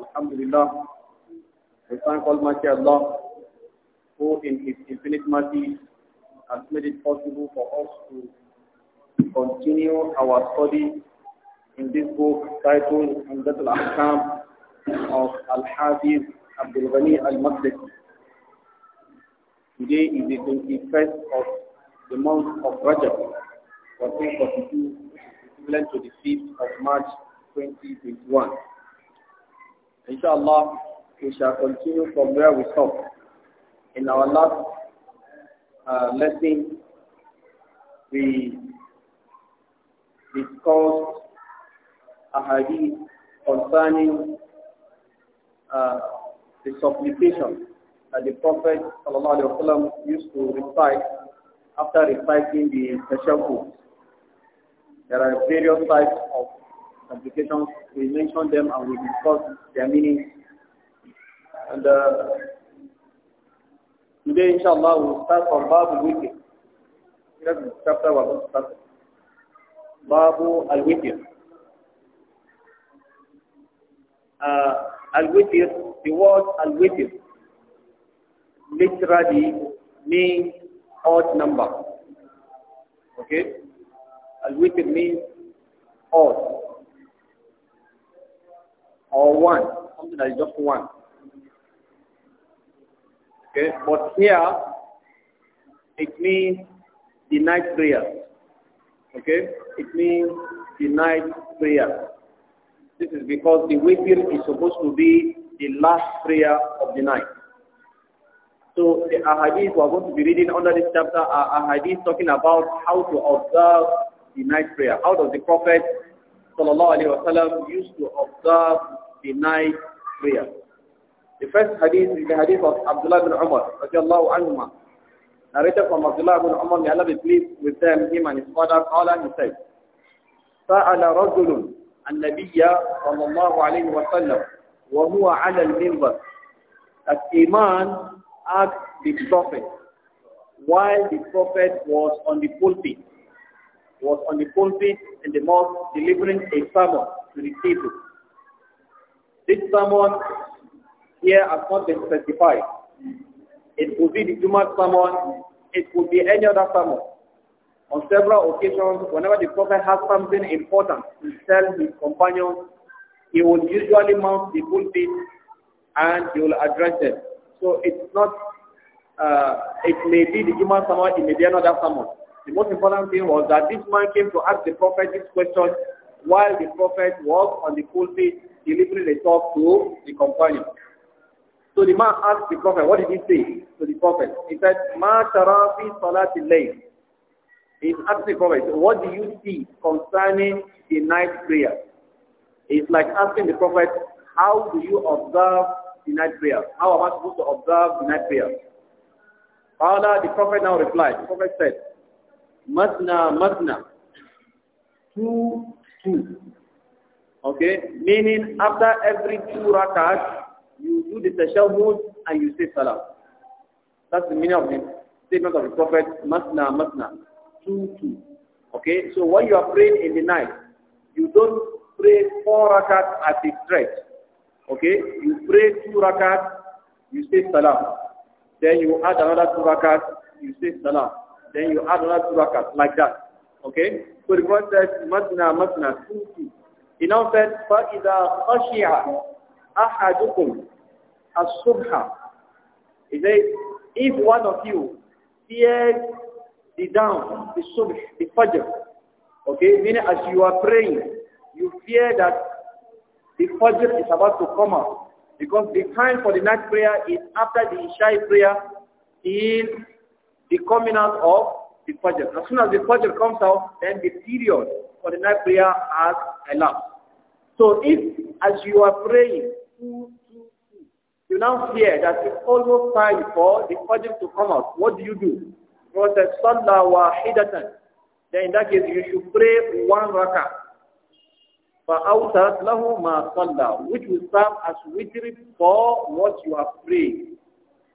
Alhamdulillah, we thank Almighty Allah who in His infinite mercy has made it possible for us to continue our study in this book titled Hamdat al-Ahkam of Al-Hafiz Abdul Ghani al-Maqdisi. Today is the 21st of the month of Rajab, 1442, equivalent to the 5th of March 2021. Inshallah, we shall continue from where we stopped. In our last uh, lesson, we discussed a hadith concerning uh, the supplication that the Prophet ﷺ used to recite after reciting the Tashakkut. There are various types of applications, we mention them and we discuss their meanings. And uh, today, inshallah, we'll start from Babu Wikir. That's the chapter we're going to start. Babu Al-Wikir. Uh, Al-Wikir, the word Al-Wikir, literally means odd number. Okay? Al-Wikir means odd or one, something that is just one. Okay, but here it means the night prayer. Okay, it means the night prayer. This is because the witr is supposed to be the last prayer of the night. So the ahadith we are going to be reading under this chapter are ahadith talking about how to observe the night prayer. How does the Prophet sallallahu alayhi wa sallam, used to observe the night prayer. The first hadith is the hadith of Abdullah bin Umar, radiallahu Narrated from Abdullah bin Umar, may Allah be pleased with them, him and his father, Qala, he said, سأل رجل النبي صلى الله عليه وسلم وهو على المنبر that iman asked the prophet while the prophet was on the pulpit was on the pulpit in the mosque delivering a sermon to the people. This sermon here has not been specified. It could be the Jummah sermon, it could be any other sermon. On several occasions, whenever the Prophet has something important to tell his companions, he will usually mount the pulpit and he will address them. So it's not, uh, it may be the Jummah sermon, it may be another sermon. The most important thing was that this man came to ask the prophet this question while the prophet was on the pulpit delivering the talk to the companion. So the man asked the prophet, what did he say to the prophet? He said, Ma tara fi salati layl. He asked the prophet, what do you see concerning the night prayer? It's like asking the prophet, how do you observe the night prayer? How am I supposed to observe the night prayer? Allah, the prophet now replied, the prophet said, Matna, matna. Two, two. Okay? Meaning after every two rakat, you do the tashahud and you say salam. That's the meaning of the statement of the Prophet, Masna, Masna. Two, two. Okay? So when you are praying in the night, you don't pray four rakat at a stretch. Okay? You pray two rakat, you say salam. Then you add another two rakat, you say salam then you add another two rakat like that. Okay? So the Prophet said, Madna, Madna, two, He now said, فَإِذَا خَشِعَ أَحَدُكُمْ الصُّبْحَ He says, if one of you fears the dawn, the subh, the fajr, okay, meaning as you are praying, you fear that the fajr is about to come out because the time for the night prayer is after the Isha prayer till the coming out of the Fajr. As soon as the Fajr comes out, then the period for the night prayer has elapsed. So if, as you are praying, you now hear that it's almost time for the Fajr to come out, what do you do? Prophet Sallah wahidatan. Then in that case, you should pray one rakah. فَأَوْتَرَتْ لَهُ مَا صَلَّى Which will serve as witr for what you are praying.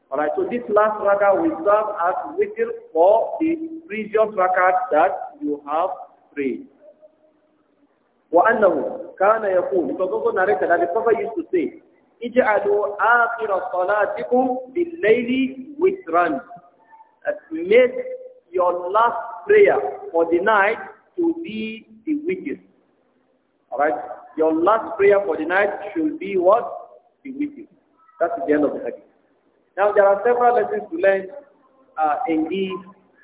Alright, so this last rakah will serve as witr for the previous rakah that you have prayed. وأنه كان يقول it was also narrated that the Prophet used to say اجعلوا آخر صلاتكم بالليل وترا make your last prayer for the night to be the witr. Alright, your last prayer for the night should be what? The witr. That's the end of the hadith. Now there are several lessons to learn uh, in these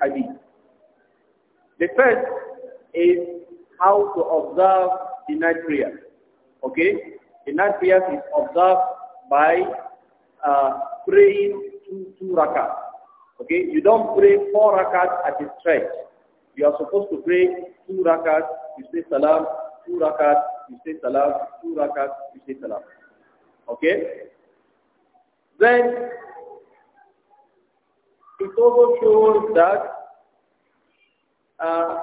hadith. The first is how to observe the night prayer. Okay? The night prayer is observed by uh, praying two, two rakats. Okay? You don't pray four rakats at a stretch. You are supposed to pray two rakats, you say salam, two rakats, you say salam, two rakats, you say salam. Okay? Then it also shows that uh,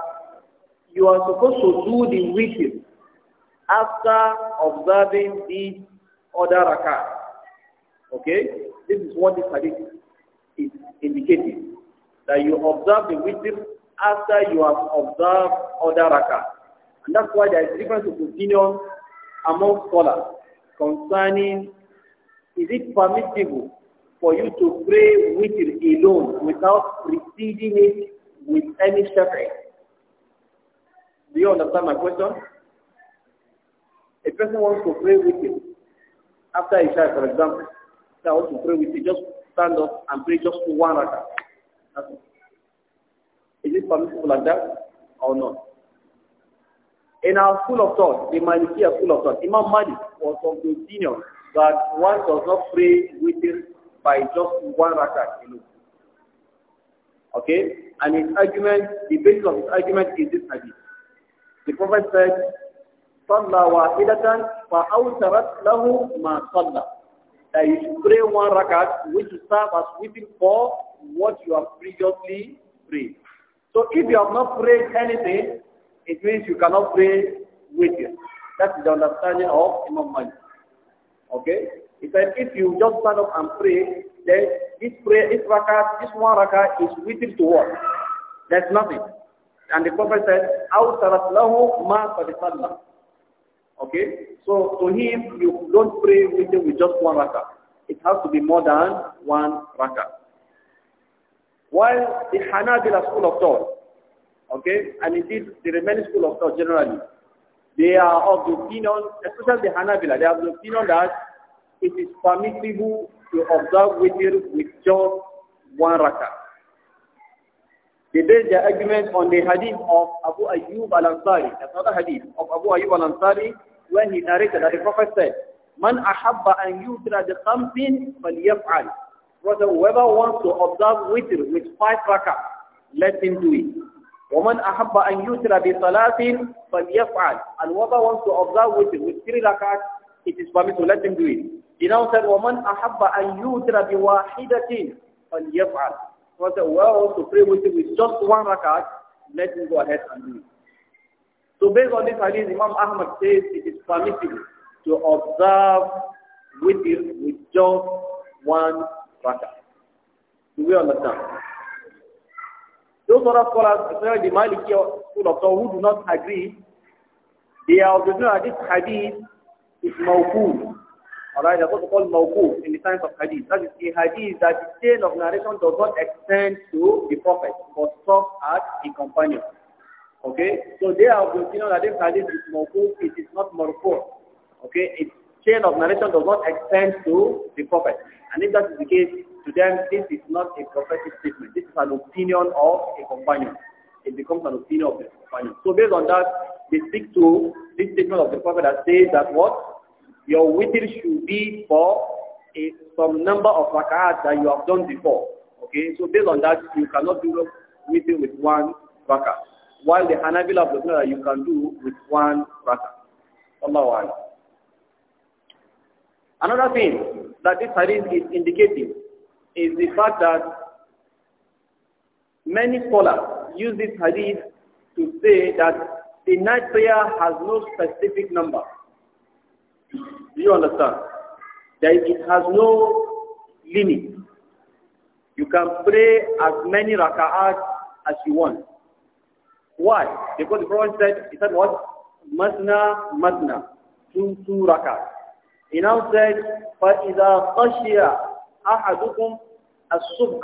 you are supposed to do the witness after observing the other rakat. Okay? This is what this hadith is indicating. That you observe the witness after you have observed other rakat. And that's why there is difference of opinion among scholars concerning is it permissible for you to pray with it alone without preceding it with any shepherd. Do you understand my question? A person wants to pray with it. After Isha, for example, if I want to pray with you, just stand up and pray just for one hour. Is it permissible like that or not? In our school of thought, the Maliki school of thought, Imam Mahdi was of the opinion that one does not pray with his by just one rakat alone. Okay? And his argument, the basis of his argument is this hadith. The Prophet said, صَلَّى وَاحِدَةً فَأَوْتَرَتْ لَهُ مَا صَلَّى That you should pray one rakat, which will serve as weeping for what you have previously prayed. So if you have not prayed anything, it means you cannot pray with you. That's the understanding of Imam Malik. Okay? He said, if you just stand up and pray, then this prayer, this raka, this one raka is within to work. There's nothing. And the Prophet said, أَوْ تَرَتْ لَهُ مَا قَدْ Okay? So to him, you don't pray with him with just one raka. It has to be more than one raka. While the Hanabila school of thought, okay, and indeed the remaining school of thought generally, they are of the opinion, especially the Hanabila, they of the opinion that it is permissible to observe witr with just one rakat. They the their argument on the hadith of Abu Ayyub al-Ansari, another hadith of Abu Ayyub al-Ansari, when he narrated that the Prophet said, Man ahabba an yutra bi khamsin falyaf'al. Brother, whoever wants to observe witr with five rakat, let him do it. ومن أحب أن بصلاة فليفعل and whoever wants to observe with, with three rakats it is permissible let him do it he now said, وَمَنْ أَحَبَّ أَنْ يُوتِرَ بِوَاحِدَةٍ فَلْيَفْعَلْ He said, well, to pray with, with just one rakat, let him go ahead and do it. So based on this hadith, Imam Ahmad says it is permissible to observe with it with just one rakat. Do we understand? Those other scholars, especially the Maliki school of thought, who do not agree, they are of the view that this hadith is mawful, Alright, what what's called mawku in the science of hadith. That is a hadith that the chain of narration does not extend to the prophet, but stops at the companion. Okay, so they are you know that this hadith is mawku, it is not marfu. Okay, its chain of narration does not extend to the prophet. And if that is the case, to them this is not a prophetic statement. This is an opinion of a companion. It becomes an opinion of the companion. So based on that, they stick to this statement of the prophet that says that what? Your witr should be for a, some number of rak'ahs that you have done before. Okay, so based on that, you cannot do witr with one rak'ah. While the Hanabila of the you can do with one rak'ah. Allahu Akbar. Another thing that this hadith is indicating is the fact that many scholars use this hadith to say that the night prayer has no specific number. Do you understand? That it has no limit. You can pray as many raka'at as you want. Why? Because the Prophet said, he said what? Masna, masna. Two, two raka'at. He now said, فَإِذَا خَشِيَ أَحَدُكُمْ الصُّبْحَ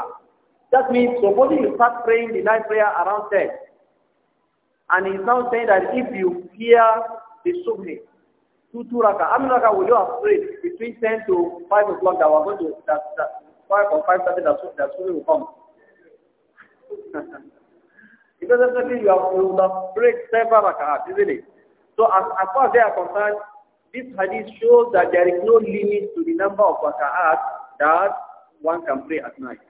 That means, supposing you start praying the night prayer around 10, and he's now saying that if you hear the subhi, two two raka. How many raka will you have prayed between ten to five o'clock that we're going to that, that five or five thirty that that will come? because definitely you have you have prayed several rakahat, isn't it? So as, as far as they are concerned, this hadith shows that there is no limit to the number of rakahat that one can pray at night.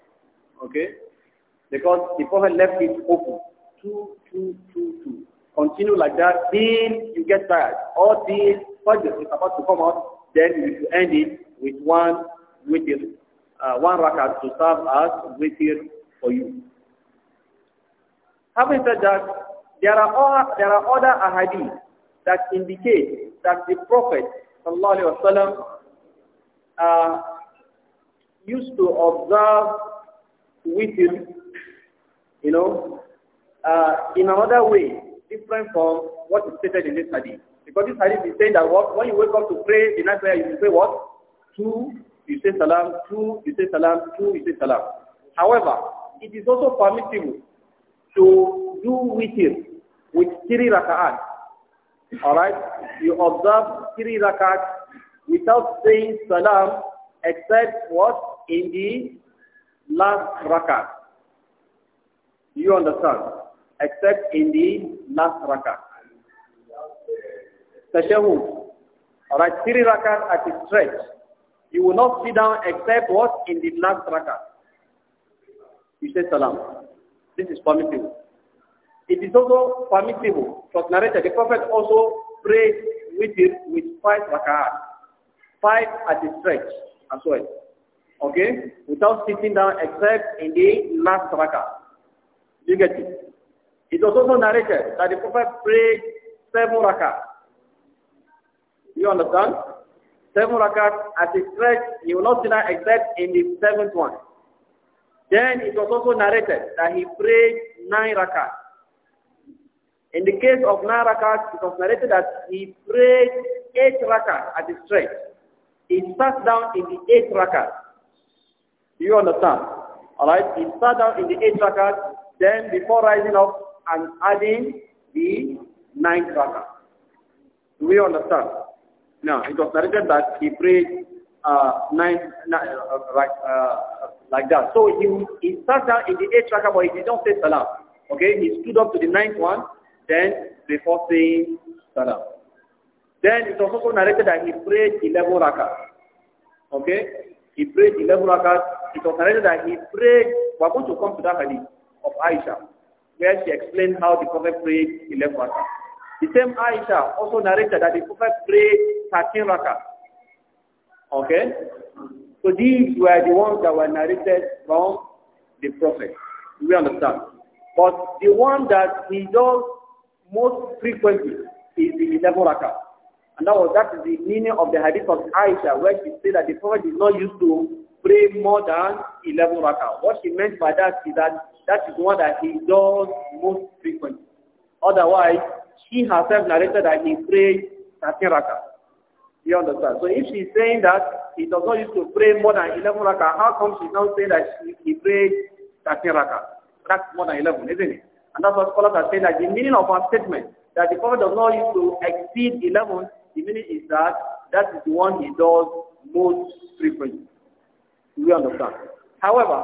Okay? Because the Prophet left it open. Two, two, two, two. Continue like that till you get tired or till Fajr is about to come out, then we end it with one witr, uh, one rakat to serve as witr for you. Having said that, there are, there are other ahadith that indicate that the Prophet sallallahu wasallam uh, used to observe witr, you know, uh, in another way, different from what is stated in this hadith. Because this hadith is saying that what, when you wake up to pray, the night prayer, you say what? Two, you say salam, two, you say salam, two, you say salam. However, it is also permissible to do witr with three rakaat. Alright? You observe three rakaat without saying salam except what? In the last Do You understand? Except in the last rakaat tashahud. Alright, three rakat at a stretch. You will not sit down except what? In the last rakat. You say salam. This is permissible. It is also permissible. From narrated, the Prophet also prayed with it with five rakat. Five at a stretch as well. Okay? Without sitting down except in the last rakat. You get it? It was also narrated that the Prophet prayed seven rakat. You understand? Seven rakat as a stretch, he will not deny except in the seventh one. Then it was also narrated that he prayed nine rakat. In the case of nine rakat, it was narrated that he prayed eight rakat at a stretch. He sat down in the eighth rakat. Do you understand? Alright, he sat down in the eighth rakat, then before rising up and adding the ninth rakat. Do we understand? No, it was narrated that he prayed uh, nine, nine uh, uh, right, uh, like that. So he, he sat down in the eighth rakah, but he did not say salam. Okay, he stood up to the ninth one, then before saying salam. Then it was also narrated that he prayed 11 rakah. Okay, he prayed 11 rakah. It was narrated that he prayed, we are going to come to that hadith of Aisha, where she explained how the Prophet prayed 11 rakah. The same Aisha also narrated that the Prophet prayed 13 rakah. Okay? So these were the ones that were narrated from the Prophet. we understand? But the one that he does most frequently is the 11 rakah. And that was that is the meaning of the hadith of Aisha, where she said that the Prophet is not used to pray more than 11 rakah. What she meant by that is that that is the one that he does most frequently. Otherwise, she herself narrated that he prayed 13 rakah. You understand? So if she's saying that he does not used to pray more than 11 rakah, how come she's now saying that she, he prayed 13 rakah? That's more than 11, isn't it? And that's what scholars are saying that the meaning of our statement that the Prophet does not used to exceed 11, the meaning is that that is the one he does most frequently. We understand. However,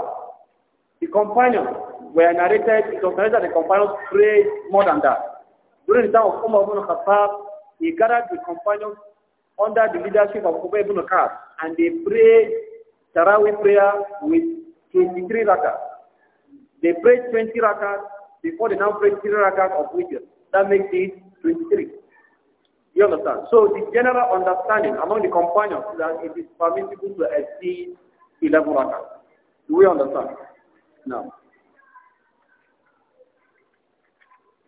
the companions were narrated, it was narrated that the companions prayed more than that. During the time of Umar ibn Khattab, he gathered the companions under the leadership of Ubay ibn and they prayed Tarawih prayer with 23 rakat. They prayed 20 rakat before they now pray 3 rakat of witness. That makes it 23. You understand? So the general understanding among the companions is that it is permissible to exceed 11 rakat. Do we understand? Now.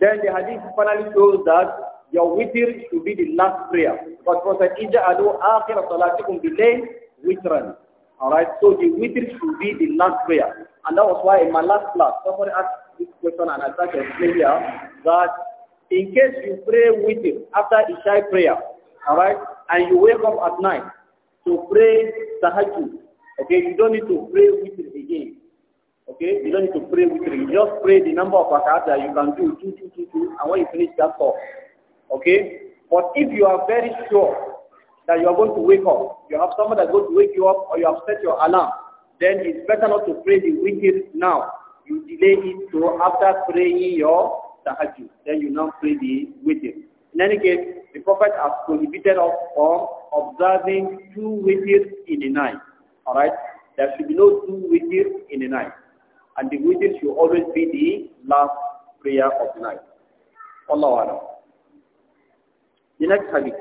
Then the hadith finally shows that your witr should be the last prayer. But Prophet Ija'alu akhir salatikum bilay witran. Alright, so the witr should be the last prayer. And that was why in my last class, somebody asked this question and I tried to explain here that in case you pray witr after Isha prayer, alright, and you wake up at night to pray tahajjud, okay, you don't need to pray witr again. Okay, you don't need to pray witr. You just pray the number of rakat that you can do, two, two, two, two, and when you finish, that's all. Okay? But if you are very sure that you are going to wake up, you have someone that's going to wake you up or you have set your alarm, then it's better not to pray the witness now. You delay it to after praying your tahajjud. Then you now pray the witness. In any case, the Prophet has prohibited us from observing two witr in a night. Alright? There should be no two witr in a night. And the witness should always be the last prayer of the night. Allah Allah. The next hadith.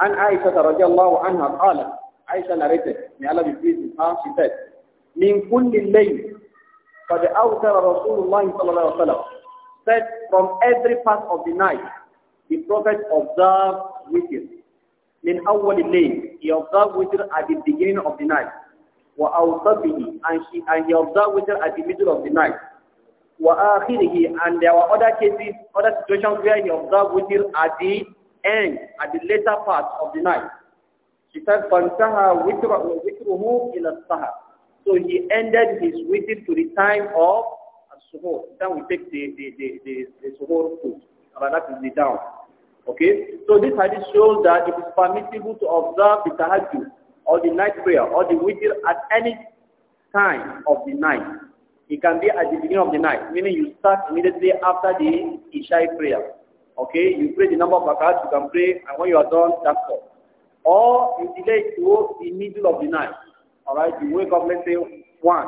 And Aisha radiallahu anha قالت, Aisha narrated, may Allah من كل الليل قد أوتر رسول الله صلى الله عليه وسلم said from every part of the night the prophet observed with him من أول الليل he observed him at the beginning of the night وأوصبه and, she, and he observed with her at the middle of the night وآخره and there were other cases other situations where he observed with her at the end at the later part of the night. She said, فَانْتَهَا وِكْرُهُ إِلَى السَّهَرِ So he ended his witr to the time of suhoor. Then we take the, the, the, the, the suhoor food. Right, that is the down. Okay? So this hadith shows that it is permissible to observe the tahajjud or the night prayer or the witr at any time of the night. It can be at the beginning of the night, meaning you start immediately after the Isha prayer. Okay, you pray the number of rakat you can pray, and when you are done, that's all. Or you delay to the middle of the night. All right, you wake up, let's say one,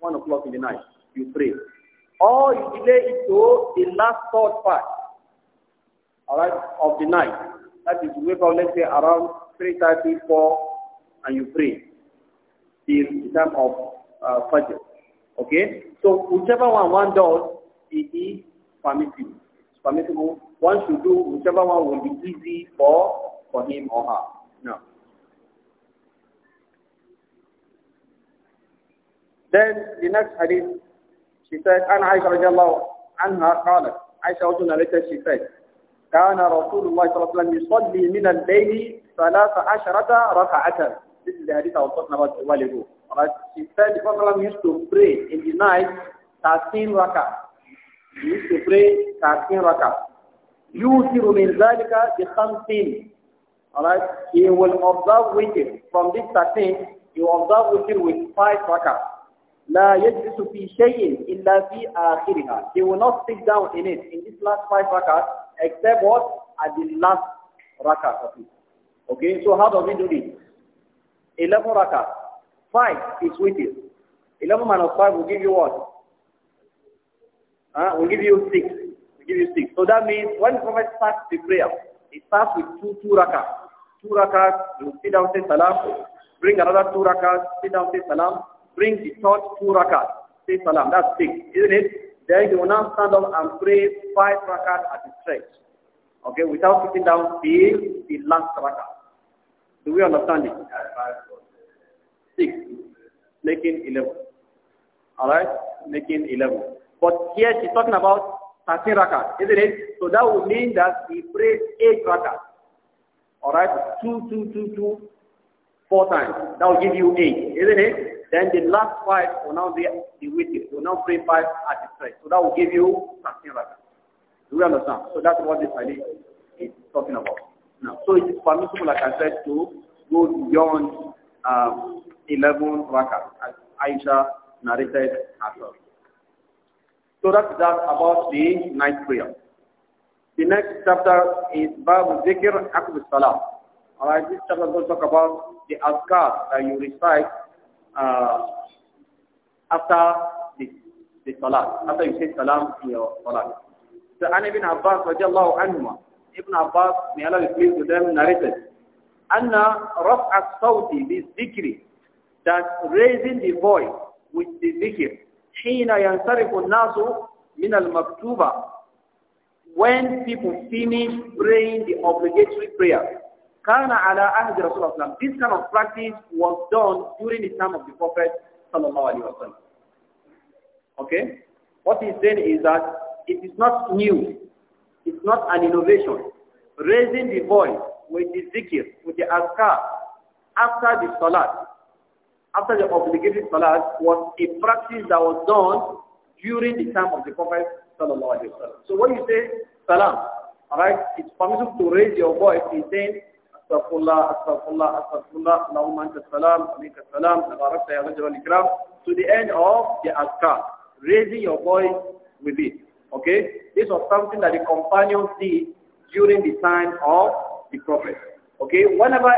one o'clock in the night, you pray. Or you delay it to the last third part. All right, of the night. That is, you wake up, let's say around three thirty, four, and you pray till the time of uh, Fajr. Okay, so whichever one one does, it is permissible. It's permissible one should do whichever one will be easy for, for him or her. No. Then the next hadith, she said, "An Aisha radiallahu anha قالت, Aisha also narrated, she said, كان رسول الله صلى الله عليه وسلم يصلي من الليل ثلاث عشرة ركعة. This is the hadith I was talking about a while ago. Right? She said the Prophet used to pray in the night 13 rakat." He used to pray 13 rakat. Yusiru min zalika bi Alright, he will observe witr. From this 13, he will observe witr with five rakah. لا يجلس في شيء إلا في آخرها. He will not sit down in it, in this last five rakah, except what? At the last rakah of it. Okay, so how does he do this? 11 rakah. 5 is witr. 11 minus 5 will give you what? Uh, will give you 6. So that means when the Prophet starts the prayer, he starts with two, two rakas. Two rakas, you sit down, say salam, bring another two rakas, sit down, say salam, bring the third two rakahs, say salam. That's six, isn't it? Then you will now stand up and pray five rakas at the stretch. Okay, without sitting down till the last rakah. Do we understand it? Six, making eleven. Alright, making eleven. But here she's talking about 13 rakat, isn't it? So that would mean that he prayed 8 rakat. Alright, two, two, two, four times. That will give you 8, isn't it? Then the last 5 will now be the with you, will now pray 5 at the stretch. So that will give you 13 rakat. Do you understand? So that's what this hadith is talking about. Now, so it is permissible, like I said, to go beyond um, 11 rakat, as Aisha narrated herself. So that's that about the night prayer. The next chapter is Babu Zikr Aqd Salah. Alright, this chapter will talk about the azkar that you recite uh, after the, the salah, after you say salam in your salah. So An ibn Abbas radiallahu anhuma, Ibn Abbas, may Allah be pleased with them, narrated, Anna raf'a sawti bi zikri, that raising the voice with the zikr, when people finish praying the obligatory prayer كان على عهد Rasulullah, this kind of practice was done during the time of the prophet Sallallahu Alaihi Wasallam. okay what he's saying is that it is not new it's not an innovation raising the voice with the zikr with the azkar after the salat after the obligatory salat was a practice that was done during the time of the Prophet sallallahu alaihi wasallam. So when you say salam, all right, it's permissible to raise your voice in saying astaghfirullah, astaghfirullah, astaghfirullah, Allahumma anta salam, alayka salam, tabarakta ya rajul al-ikram, to the end of the azkar, raising your voice with it. Okay, this was something that the companions did during the time of the Prophet. Okay, whenever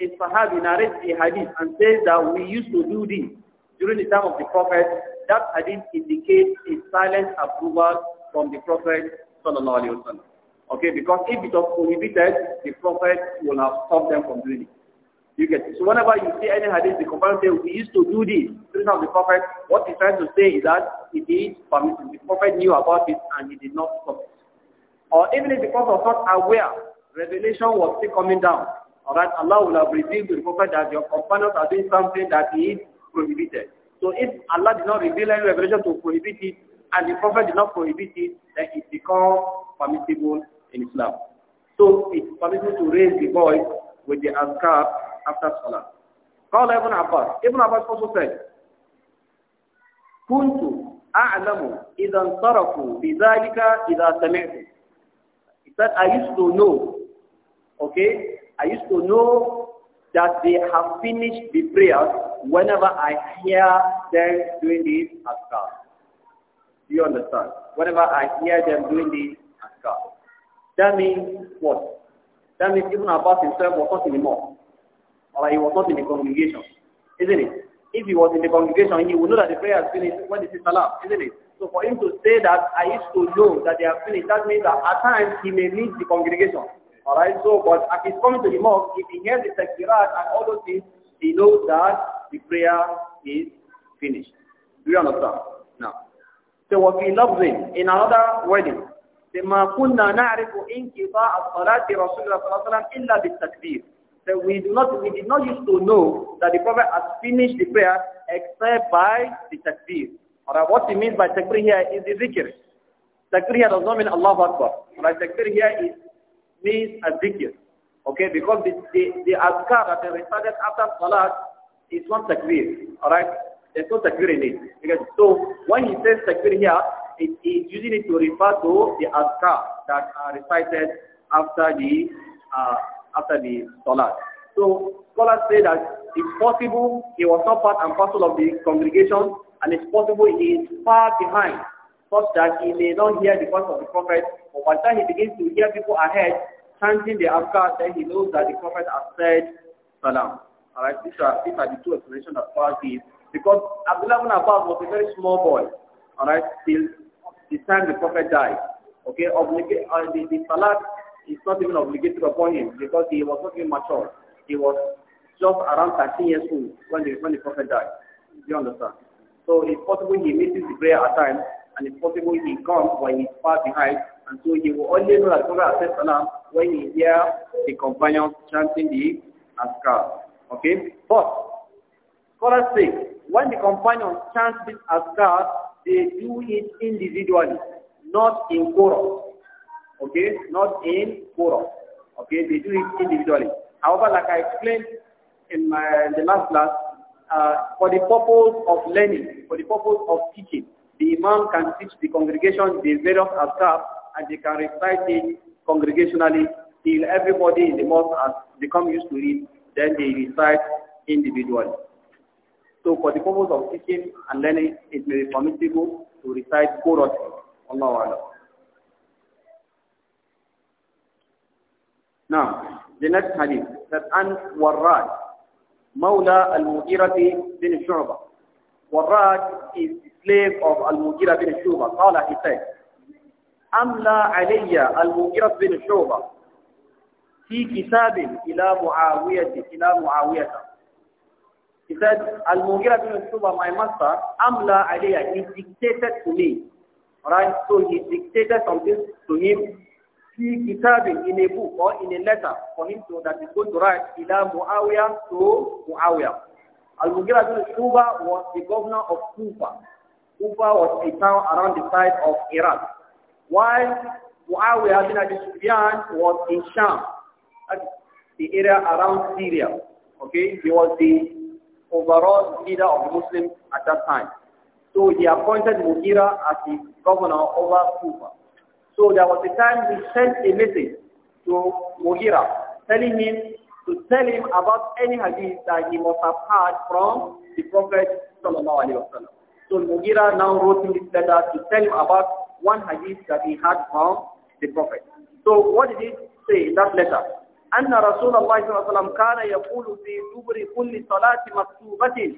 a Sahabi narrates a hadith and says that we used to do this during the time of the Prophet, that hadith indicates a silent approval from the Prophet sallallahu alaihi wasallam. Okay, because if it was prohibited, the Prophet will have stopped them from doing it. You get it. So whenever you see any hadith, the companion say, we used to do this during the Prophet, what he's trying to say is that it is permitted. The Prophet knew about it and he did not stop it. Or even if the Prophet was not aware, revelation was still coming down. Alright, Allah will have revealed to the Prophet that your companions are doing something that is prohibited. So if Allah did not reveal any revelation to prohibit it, and the Prophet did not prohibit it, then it becomes permissible in Islam. So it's permissible to raise the voice with the azkar after salah. Call Ibn Abbas. Ibn Abbas also said كنت أعلم إذا انصرفوا بذلك إذا سمعت He said I used to know okay I used to know that they have finished the prayers whenever I hear them doing this askar. Do you understand? Whenever I hear them doing this askar. That means what? That means even Abbas himself was not in the mosque. Or he was not in the congregation. Isn't it? If he was in the congregation, he would know that the prayer is finished when it is salam, isn't it? So for him to say that I used to know that they are finished, that means that at times he may leave the congregation. Alright, so, but as he's coming to the mosque, if he hears the takbirat and all those things, he knows that the prayer is finished. Do you understand? Now, so what we love in, in another wedding, لما كنا نعرف انقطاع الصلاة رسول الله صلى الله عليه وسلم إلا بالتكبير. So we do not, we did not used to know that the Prophet has finished the prayer except by the takbir. Alright, what he means by takbir here is the zikr. Takbir here does not mean Allah Akbar. Alright, takbir here is means a Okay, because the, the, the azkar that are recited after salat is not takbir. Alright? There's no takbir in it. Because, so when he says takbir here, it is using it to refer to the azkar that are recited after the uh, after the salat. So scholars say that it's possible he was not part and parcel of the congregation and it's possible he is far behind such that he may not hear the voice of the prophet, but by the time he begins to hear people ahead chanting the Afghans, then he knows that the prophet has said salam. Alright, these are, these are the two explanations that Paul gives. Because Abdullah ibn Abbas was a very small boy, alright, till the time the prophet died. Okay, Obliga uh, the, the salat is not even obligatory upon him because he was not even mature. He was just around 13 years old when the, when the prophet died. Do you understand? So it's possible he misses the prayer at times and it's possible he comes when he's far behind. And so he will only know that Surah Al-Salam when he hears the companions chanting the Askar. Okay? But, scholars say, when the companions chant this Askar, they do it individually, not in chorus. Okay? Not in chorus. Okay? They do it individually. However, like I explained in my in the last class, uh, for the purpose of learning, for the purpose of teaching, the imam can teach the congregation the various adhkar and they can recite it congregationally till everybody in the mosque has become used to it, then they recite individually. So for the purpose of teaching and learning, it may be permissible to recite Quran. Allah Allah. Now, the next hadith that An Warrad, Mawla al-Mughirati bin Shu'ba. Warrad is slave of Al-Mughira bin Shuba. Qala, he said, أملى علي المغيرة بن شعبة في كتاب إلى معاوية إلى معاوية He said, Al-Mughira bin Shuba, my master, Amla alayya, he dictated to me. Right? So he dictated something to him. He kitabin in a book or in a letter for him to that he's going to write Ila Muawiyah to Muawiyah. Al-Mughira bin Shuba was the governor of Kufa. Kufa was a town around the side of Iraq. While Muawiyah bin Abi Sufyan was in Sham, the area around Syria. Okay, he was the overall leader of the Muslims at that time. So he appointed Mughira as the governor over Kufa. So there was a time he sent a message to Mughira telling him to tell him about any hadith that he must have heard from the Prophet Sallallahu Alaihi Wasallam. So Mugira now wrote him this letter to tell him about one hadith that he had from the Prophet. So what did he say in that letter? أن رسول الله صلى الله عليه وسلم كان يقول في دبر كل صلاة مكتوبة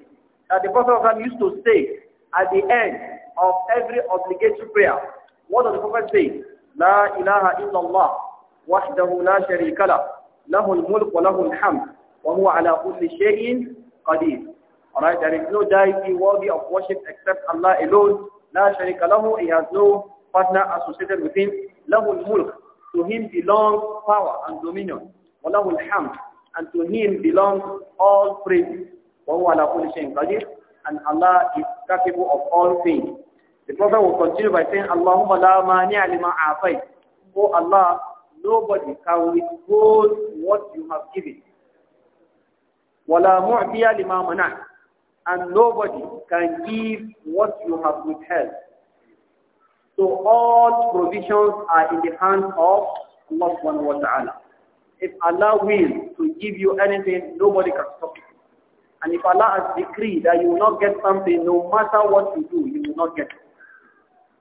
that the Prophet used to say at the end of every obligatory prayer. What does the Prophet say? لا إله إلا الله وحده لا شريك له له الملك وله الحمد وهو على كل شيء قدير Alright, there is no deity worthy of worship except Allah alone. La sharika lahu, he has no partner associated with him. Lahul mulk, to him belongs power and dominion. Walahul hamd, and to him belongs all praise. Wahu ala kulli shayin qadir, and Allah is capable of all things. The Prophet will continue by saying, Allahumma la mani'a lima a'fayt. Oh Allah, nobody can withhold what you have given. Wala mu'tiya lima mana'at and nobody can give what you have withheld. So all provisions are in the hands of Allah subhanahu wa ta'ala. If Allah wills to give you anything, nobody can stop you. And if Allah has decreed that you will not get something, no matter what you do, you will not get it.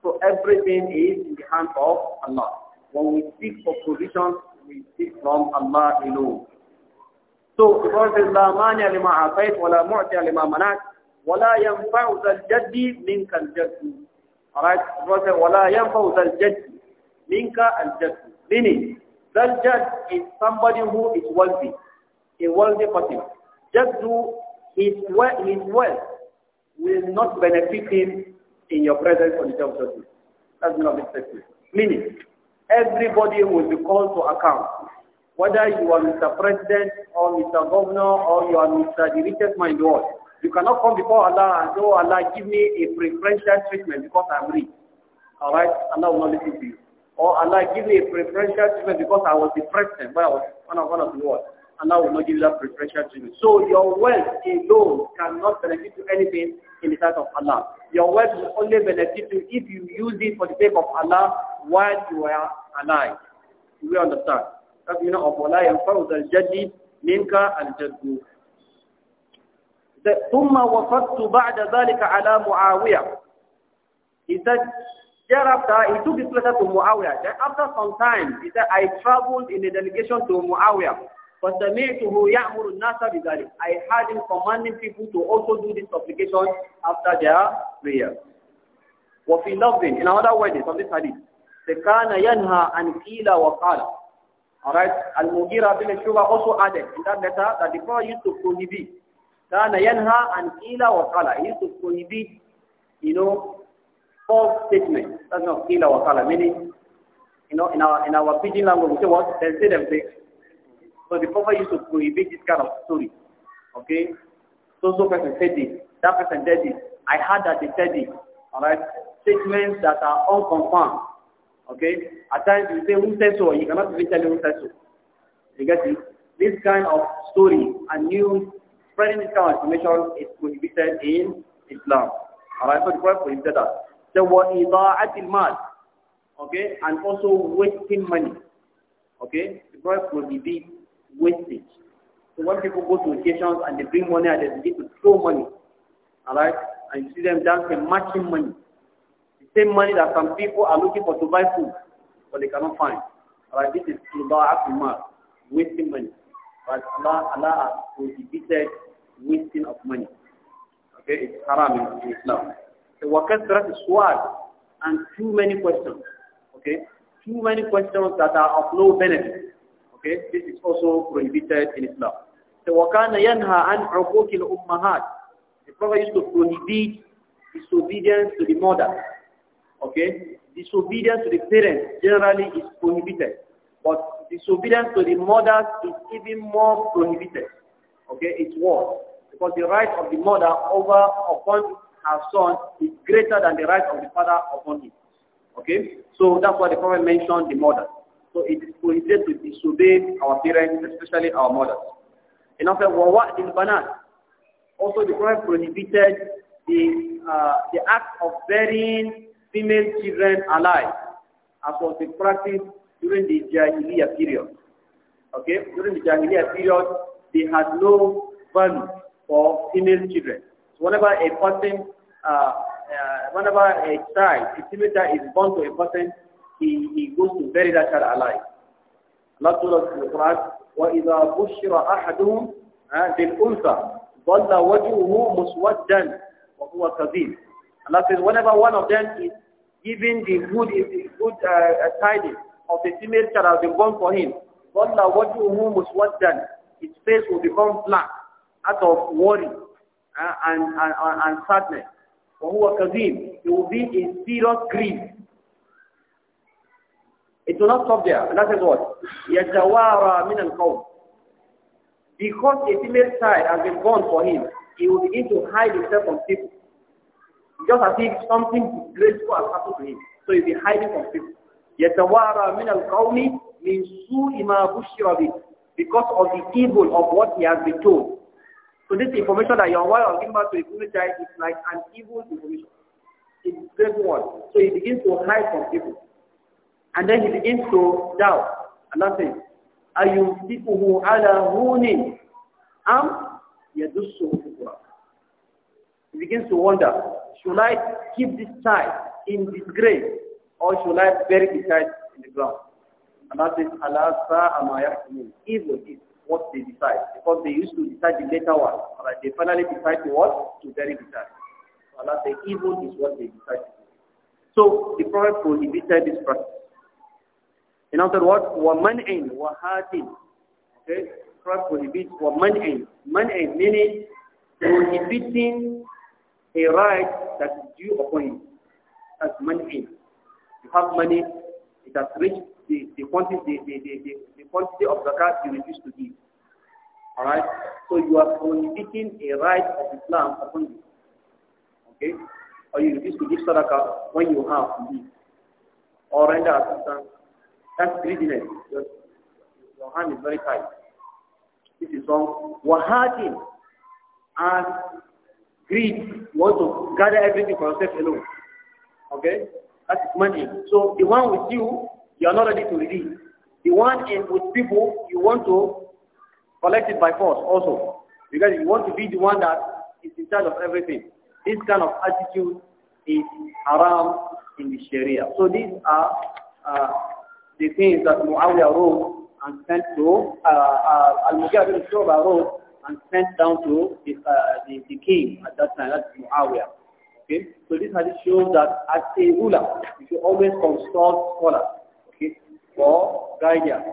So everything is in the hands of Allah. When we seek for provisions, we seek from Allah alone. So because it is لا مانع لما عطيت ولا معطي لما منعت ولا ينفع ذا الجد منك الجد. Alright, because ولا ينفع ذا الجد منك الجد. Meaning, ذا الجد is somebody who is wealthy, a wealthy person. Jaddu, his wealth, his wealth will not benefit him in your presence on the day of judgment. That's not the statement. Meaning, everybody will be called to account whether you are Mr. President or Mr. Governor or you are Mr. Director, my Lord, You cannot come before Allah and say, oh, Allah, give me a preferential treatment because I'm rich. All right? Allah will not listen to you. Or Allah, give me a preferential treatment because I was the president, but I was one of, one of the world. Allah will not give you that preferential treatment. So your wealth alone cannot benefit you anything in the sight of Allah. Your wealth will only benefit you if you use it for the sake of Allah while you are alive. You will understand. ثم وفدت بعد ذلك على معاوية He said, thereafter he took his letter to Muawiyah. Then after some time, he said, I traveled in a delegation to Muawiyah. but to يَأْمُرُ Nasa بِذَلِكَ I had him commanding people to also do this supplication after their prayer. he loved In another word, from this hadith, فَكَانَ يَنْهَى أَنْ kila وَقَالَ Alright, al Mugira bin Shuba also added in that letter that the Prophet used to prohibit. Kana yanha an ila wa He used to prohibit, you know, false statements. That's not ila wa meaning, you know, in our, in our pidgin language, we say what? They say them things. So the Prophet used to prohibit this kind of story. Okay? So, so person said this. That person said this. I heard that they said this. Alright? Statements that are unconfirmed. Okay? At times you say, who says so? You cannot even tell you who says so. You get it? This kind of story and news, spreading this kind of information is prohibited in Islam. Alright, so the Prophet said that. So, وَإِضَاعَةِ Mad? Okay? And also wasting money. Okay? The Prophet be wastage. So when people go to occasions and they bring money and they need to throw money, alright, and you see them dancing, matching money, same money that some people are looking for to buy food, but they cannot find. All right, this is Allah Akbar, wasting money. But Allah, Allah has prohibited wasting of money. Okay, it's haram in Islam. The So, is السُّوَالِ And too many questions. Okay, too many questions that are of no benefit. Okay, this is also prohibited in Islam. The وَكَانَ يَنْهَى عَنْ عُقُوقِ الْأُمَّهَاتِ The Prophet used to prohibit disobedience to the mother okay, disobedience to the parents generally is prohibited. But disobedience to the mothers is even more prohibited. Okay, it's worse. Because the right of the mother over upon her son is greater than the right of the father upon him. Okay? So that's why the Prophet mentioned the mother. So it is prohibited to disobey our parents, especially our mothers. In other words, in banan. Also the Prophet prohibited the uh, the act of burying female children alive, as was the practice during the Jahiliyyah period. Okay, during the Jahiliyyah period, they had no value for female children. So whenever a person, uh, uh, whenever a child, a female child is born to a person, he, he goes to bury that child alive. Allah told us in the Quran, وَإِذَا بُشِّرَ أَحَدُهُمْ بِالْأُنْثَى ظَلَّ وَجْهُهُ مُسْوَدًّا وَهُوَ كَظِيمٌ Allah says, whenever one of them is giving the good, good uh, uh, tidings of a female child has been born for him, Allah wajuhu muswaddan, his face will become black out of worry uh, and, and, and, and sadness. وهو كظيم, he will be in serious grief. It will not stop there. Allah says what? يَتَوَارَى مِنَ الْقَوْمِ Because a female child has been born for him, he will begin to hide himself from people. Just as if something disgraceful has happened to him. So he'll be hiding from people. يَتَوَارَى مِنَ الْقَوْمِ مِنْ سُوءِ مَا بُشِّرَ بِهِ Because of the evil of what he has been told. So this information that your wife has given back to the Kumi child is like an evil information. It's disgraceful one. So he begins to hide from people. And then he begins to doubt. And Allah says, are عَلَى Am? أَمْ this so He begins to wonder, should I keep this child in disgrace or should I bury the child in the ground? And that is Allah Sa'amaya Evil is what they decide. Because they used to decide the later one. Alright, they finally decide to what? To bury the child. So Allah said evil is what they decide to do. So the Prophet prohibited this practice. In other words, وَمَنْعٍ وَهَاتٍ Okay? The Prophet prohibits وَمَنْعٍ Man'in meaning prohibiting a right that is due upon you as money. You have money, it has reached the, the, quantity, the, the, the, the quantity of zakat you refuse to give. Alright? So you are prohibiting a right of Islam upon you. Okay? Or you refuse to give sadaqah when you have to give. Or render assistance. That's greediness. Your, your hand is very tight. This is wrong. Wahatin and greed want to gather everything for yourself alone. Okay? That's money. So the one with you, you are not ready to release. The one in with people, you want to collect it by force also. Because you want to be the one that is in charge of everything. This kind of attitude is haram in the Sharia. So these are uh, the things that Muawiyah wrote and sent to uh, uh, Al-Mughir bin Shu'bah wrote and sent down to the, uh, the, the, king at that time, that's Muawiyah. Okay? So this hadith shows that as a ruler, you should always consult scholars okay, for guidance.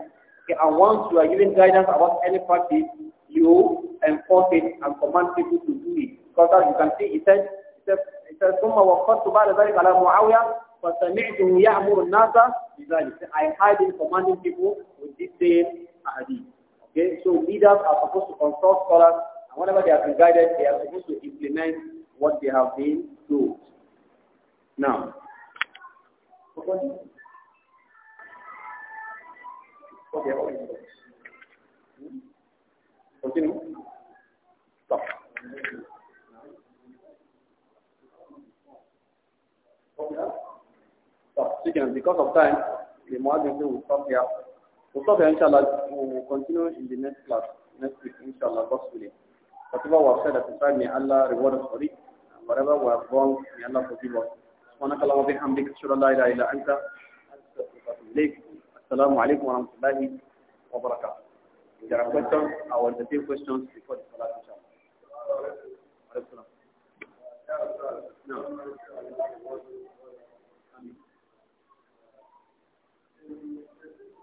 Okay, and once you are giving guidance about any practice, you enforce it and command people to do it. Because as you can see, it says, it says, it says ثم وقفت بعد ذلك على معاوية فسمعته يأمر الناس بذلك. I heard him commanding people with this same hadith. Okay, so leaders are supposed to consult scholars, and whenever they have been guided, they are supposed to implement what they have been told. Now, continue. Stop. Stop. Stop. because of time, the Muazzin will stop here. We'll talk, inshallah. We'll continue in the next class, next week, inshallah, possibly. Whatever was said at the time, may Allah reward us for it. whatever was wrong, may Allah forgive us. سبحانك اللهم وبحمدك اشهد ان لا اله الا انت اليك السلام عليكم ورحمه الله وبركاته there are questions I will take questions before the salat inshallah no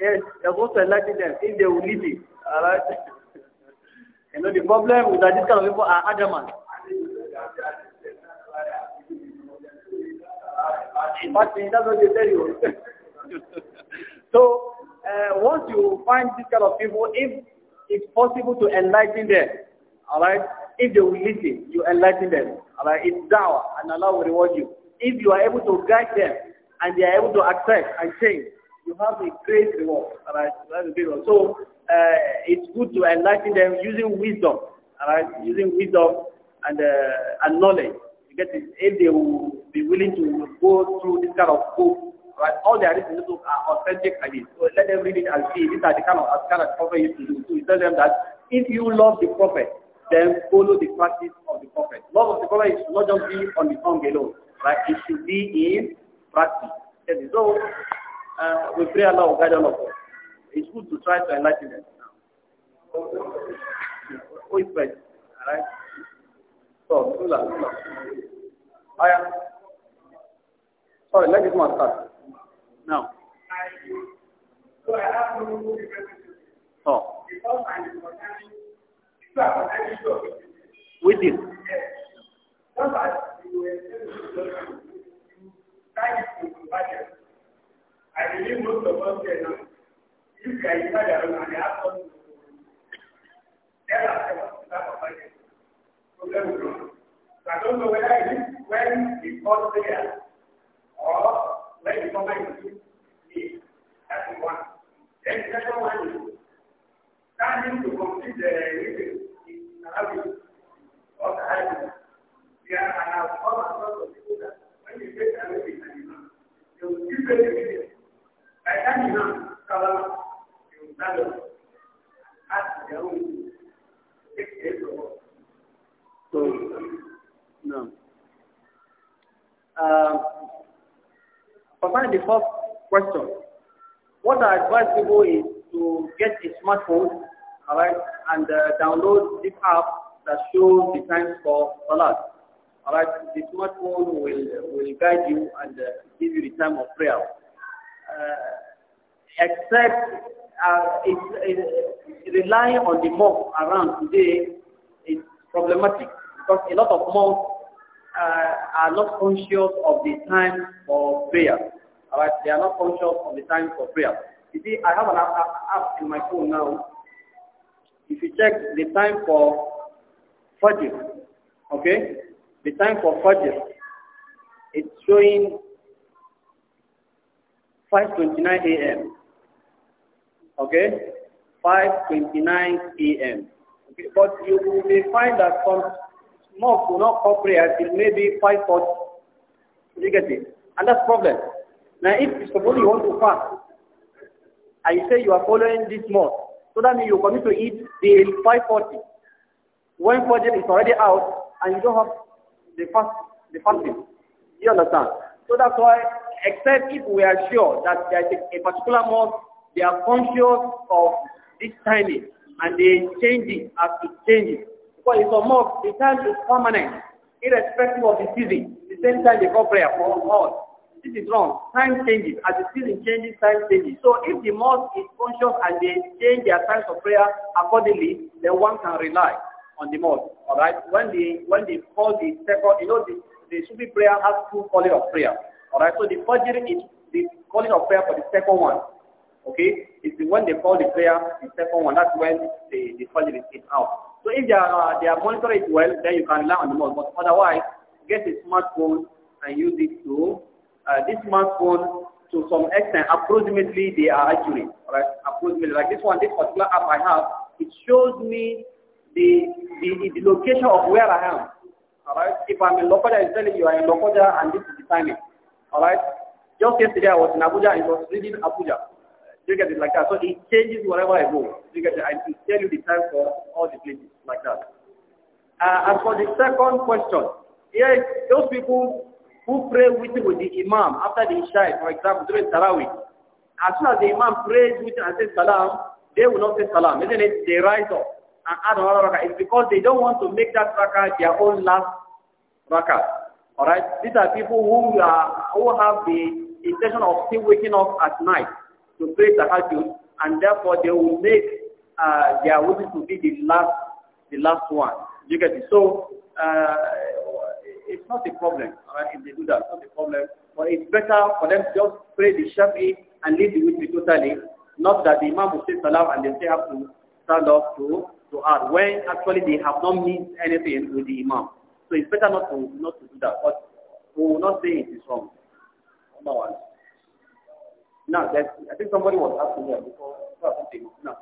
Yes, they're supposed to enlighten them if they will need it. All right. you know the problem is that these kind of people are adamant. In fact, that's what they tell you. so uh, once you find these kind of people, if it's possible to enlighten them, all right. If they will listen, you enlighten them. All right. It's dawah, and Allah will reward you. If you are able to guide them, and they are able to accept and change, you have a great reward. All right, that's a So uh, it's good to enlighten them using wisdom. All right, using wisdom and uh, and knowledge. You get it? If they will be willing to go through this kind of book, right? All the hadiths in book are authentic hadiths. So let them read it and see. These are the kind of kind of Prophet used to do. So you tell them that if you love the Prophet, then follow the practice of the Prophet. Love of the Prophet is not just be on the tongue alone, right? It should be in practice. So uh, we pray Allah will guide all of us. It's good to try to enlighten them. Who is first? Alright? So, Sula, Sula. I am. Sorry, let this one start. Now. So, I have no movie Oh. With you. Yes. I believe most of us here now, you guys are there and they have some thereafter what type of budget problem will come. So I don't know whether it is when it falls there or when the government is need. That's one. Then the second one is starting to complete the reading in Arabic or the Arabic. There are an outcome of that when you take Arabic and you know, they By the you So, Um, concerning the first question, what I advise people is to get a smartphone, alright, and uh, download this app that shows the times for salat. Alright, the smartphone will will guide you and uh, give you the time of prayer. Uh, except uh, relying on the mosque around today is problematic because a lot of mosques uh, are not conscious of the time for prayer. Alright, they are not conscious of the time for prayer. You see, I have an app, in my phone now. If you check the time for Fajr, okay, the time for Fajr, it's showing 5.29 a.m. Okay? 5.29 a.m. Okay? But you may find that some mosques will not cooperate until maybe 5.40. You get it? And that's problem. Now if suppose you want to fast, and you say you are following this mosque, so that means you commit to eat till 5.40. When Fajr is already out, and you don't have the fast, the fasting. You understand? So that's why except if we are sure that there is a particular mosque, they are conscious of this timing and they change it as it changes. Because it's a mosque, the time is permanent, irrespective of the season. The same time they call prayer for all. This is wrong. Time changes. As the season changes, time changes. So if the mosque is conscious and they change their times of prayer accordingly, then one can rely on the mosque. All right. When they when they call the second, you know, the, the Sufi prayer has two calling of prayer. Alright, so the Fajr is the calling of prayer for the second one. Okay, it's the one they call the prayer, the second one. That's when the, the Fajr is out. So if they are, uh, they are monitoring it well, then you can learn on the mosque. But otherwise, get a smartphone and use it to, uh, this smartphone to some extent, approximately they are accurate. Right? Approximately, like this one, this particular app I have, it shows me the, the, the location of where I am. Alright? If I'm in Lokoja, it's telling you I'm in Lokoja and this is the timing. Alright? Just yesterday I was in Abuja and it was reading Abuja. You get it like that. So it changes wherever I go. You get it. I tell you the time for all the places like that. Uh, as for the second question, yes, those people who pray with, with the Imam after the Isha, for example, during Tarawih, as soon as the Imam prays with and says Salam, they will not say Salam, isn't it? They rise up and add another rakah. It's because they don't want to make that rakah their own last rakah. All right, these are people who are who have the intention of still waking up at night to pray tahajjud, and therefore they will make uh, their willing to be the last, the last one. You get it? So uh, it's not a problem. right? if they do that, it's not a problem. But it's better for them to just pray the shafi and leave the witness totally. Not that the imam will say salam and they still have to stand up to to add when actually they have not missed anything with the imam. So it's better not to not to do that. But we will not say it is wrong. Number one. Now, I think somebody was asking here before something. Now.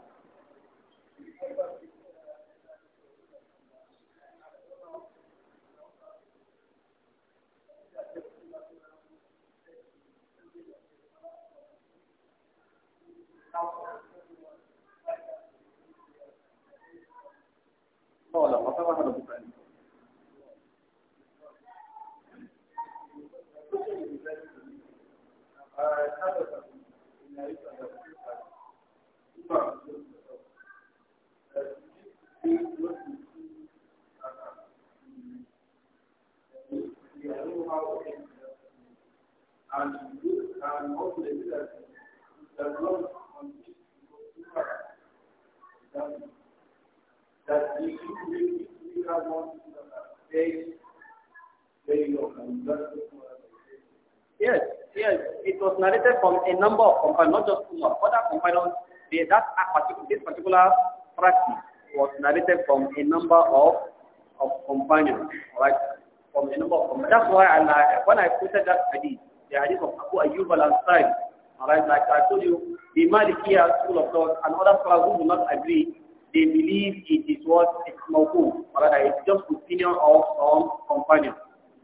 Oh, no, Yes, yes, it was narrated from a number of compilers, not just Umar. Other compilers, they, that particular, this particular practice was narrated from a number of of companions, right? From a number of companions. That's why I, when I quoted that hadith, the hadith of Abu Ayyub al-Ansari. Alright, like I told you, the Malikiya school of thought and other scholars who do not agree, they believe it is what it's mawkuf. Alright, it's just opinion of some companion.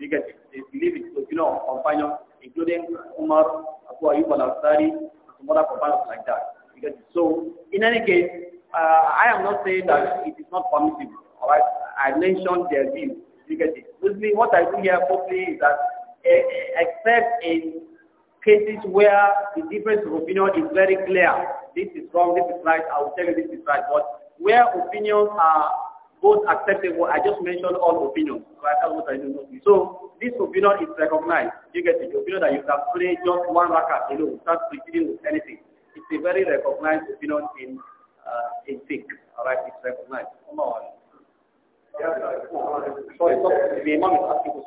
They get it. They believe it's opinion of companion, including Umar, Abu Ayyub al-Ansari, and some other companions like that. Because so, in any case, uh, I am not saying that it is not permissible. Alright, I mentioned their view. You get it. Basically, what I do here, hopefully, is that Eh, eh, except in cases where the difference of opinion is very clear. This is wrong, this is right, I will tell you this is right. But where opinions are both acceptable, I just mentioned all opinions. So this opinion is recognized. You get it. The opinion that you can play just one you know, without to with anything. It's a very recognized opinion in uh, in fiqh. All right, it's recognized. Come on. Yeah, sorry, the Imam is asking us.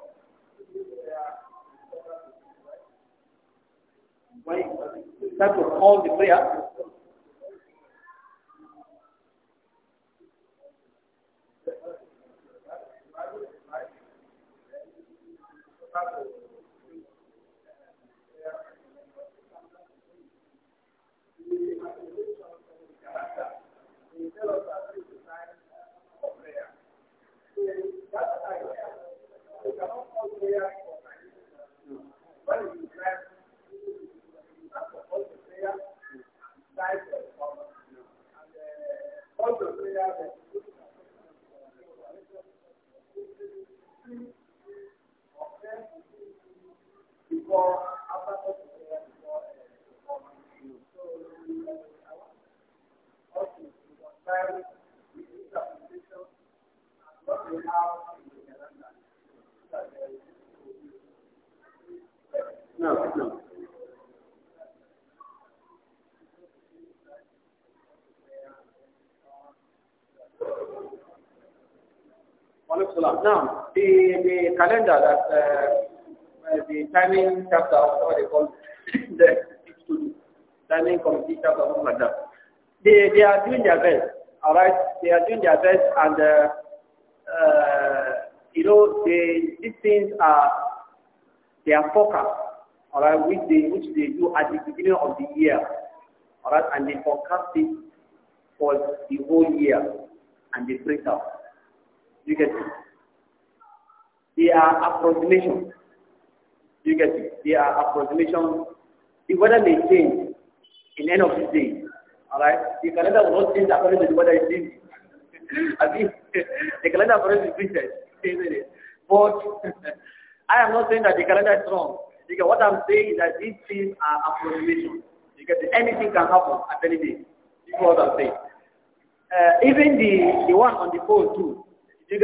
Why? That will call the prayer. Yeah. types of problems. No, no. Now, the, the calendar that uh, uh the timing chapter, what they call the timing committee chapter, something like that. They, they are doing their best, all right? They are doing their best and, uh, uh, you know, they, these things are, they are forecast, all right, which they, which they do at the beginning of the year, all right, and they forecast it for the whole year and they break out. You get it? They are approximations. You get it? They are approximations. The weather may change in end of the day. Alright? The calendar will not change according to the weather it is. I mean, the calendar for is printed, isn't But I am not saying that the calendar is wrong. Because what I'm saying is that these things are approximations. it. anything can happen at any day. You know what I'm saying. Uh, even the, the one on the phone too, you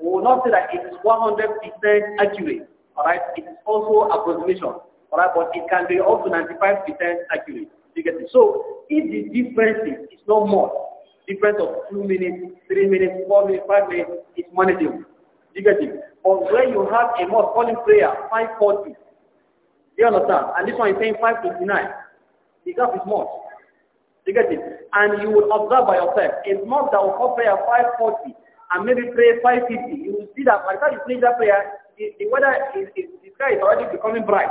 We will not say that it is 100% accurate. All right? It is also approximation. All right? But it can be up to 95% accurate. You So if the difference is not more, difference of two minutes, three minutes, four minutes, five minutes is manageable. Negative. get But you have a more calling prayer, 540, you understand? And this one is saying 529. The gap is much. You And you will observe by yourself, a month that will call prayer 540 and maybe pray 550, you will see that by the time you finish that prayer, the, the weather is, is, the sky is already becoming bright.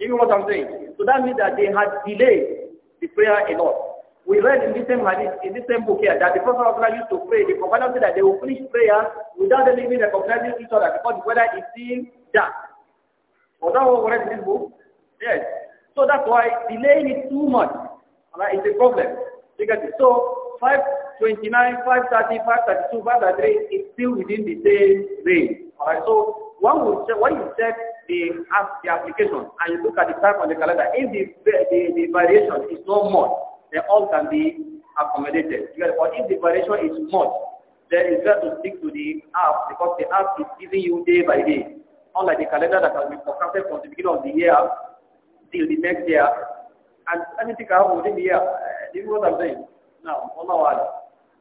You know what I'm saying? So that means that they had delayed the prayer a lot. We read in this same hadith, in this same book here, that the Prophet of Allah used to pray. The companions said that they will finish prayer without them even recognizing each other because the weather is still dark. Was that what we read in this book? Yes. So that's why delaying it too much right, is a problem. You So five 29, 530, 532, 533 is still within the same range. Alright, so one will check, when you check the, the application and you look at the time on the calendar, if the, the, the variation is not much, then all can be accommodated. But if the variation is much, then it's better to stick to the app because the app is giving you day by day. Unlike the calendar that has been forecasted from the beginning of the year till the next year, and anything can happen within the year. Uh, this is what I'm saying. Now, on our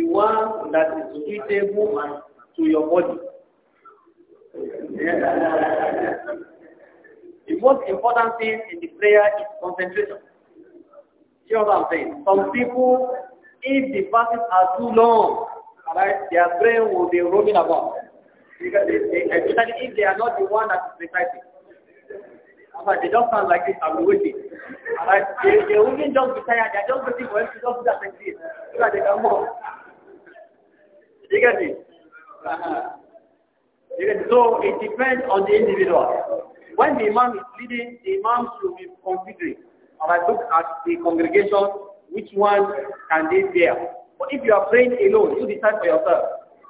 the one that is suitable to your body. the most important thing in the prayer is concentration. You know what I'm saying? Some people, if the verses are too long, right, their brain will be roaming about. Because they, especially if they are not the one that is reciting. But they just sound like this, I'm waiting. Alright? They, they wouldn't just be tired, they're just waiting for him to just do that like this. So that they can move. You get it? So it depends on the individual. When the imam is leading, the imam should be considering. And I look at the congregation, which one can they bear? But if you are praying alone, you decide for yourself.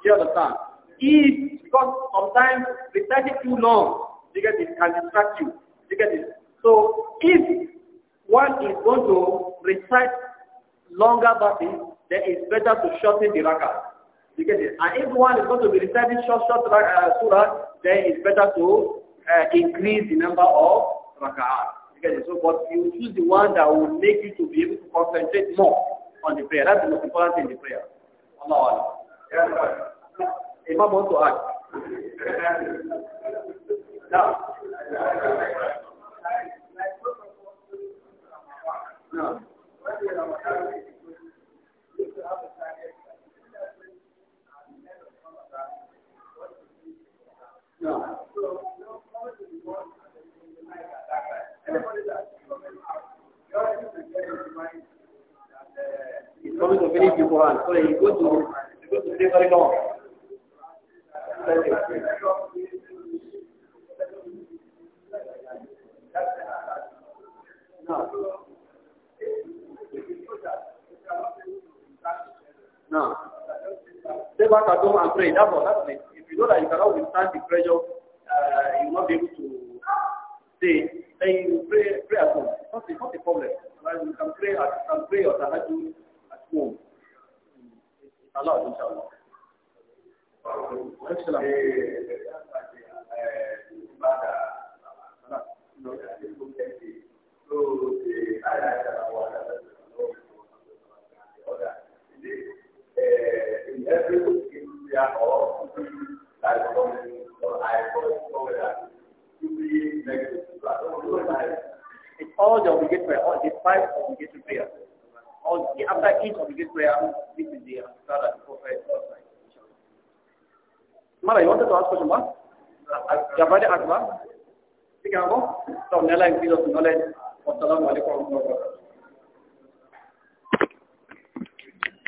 You understand? If, because sometimes reciting too long, you get it, can distract you. Look at this. So if one is going to recite longer verses, then it's better to shorten the rakah. You get it? And if one is going to be reciting short, short uh, surah, then it's better to uh, increase the number of rak'ah. You get it? So, but you choose the one that will make you to be able to concentrate more on the prayer. That's the most important thing in the prayer. Allah Allah. Yes, Imam wants to ask. now.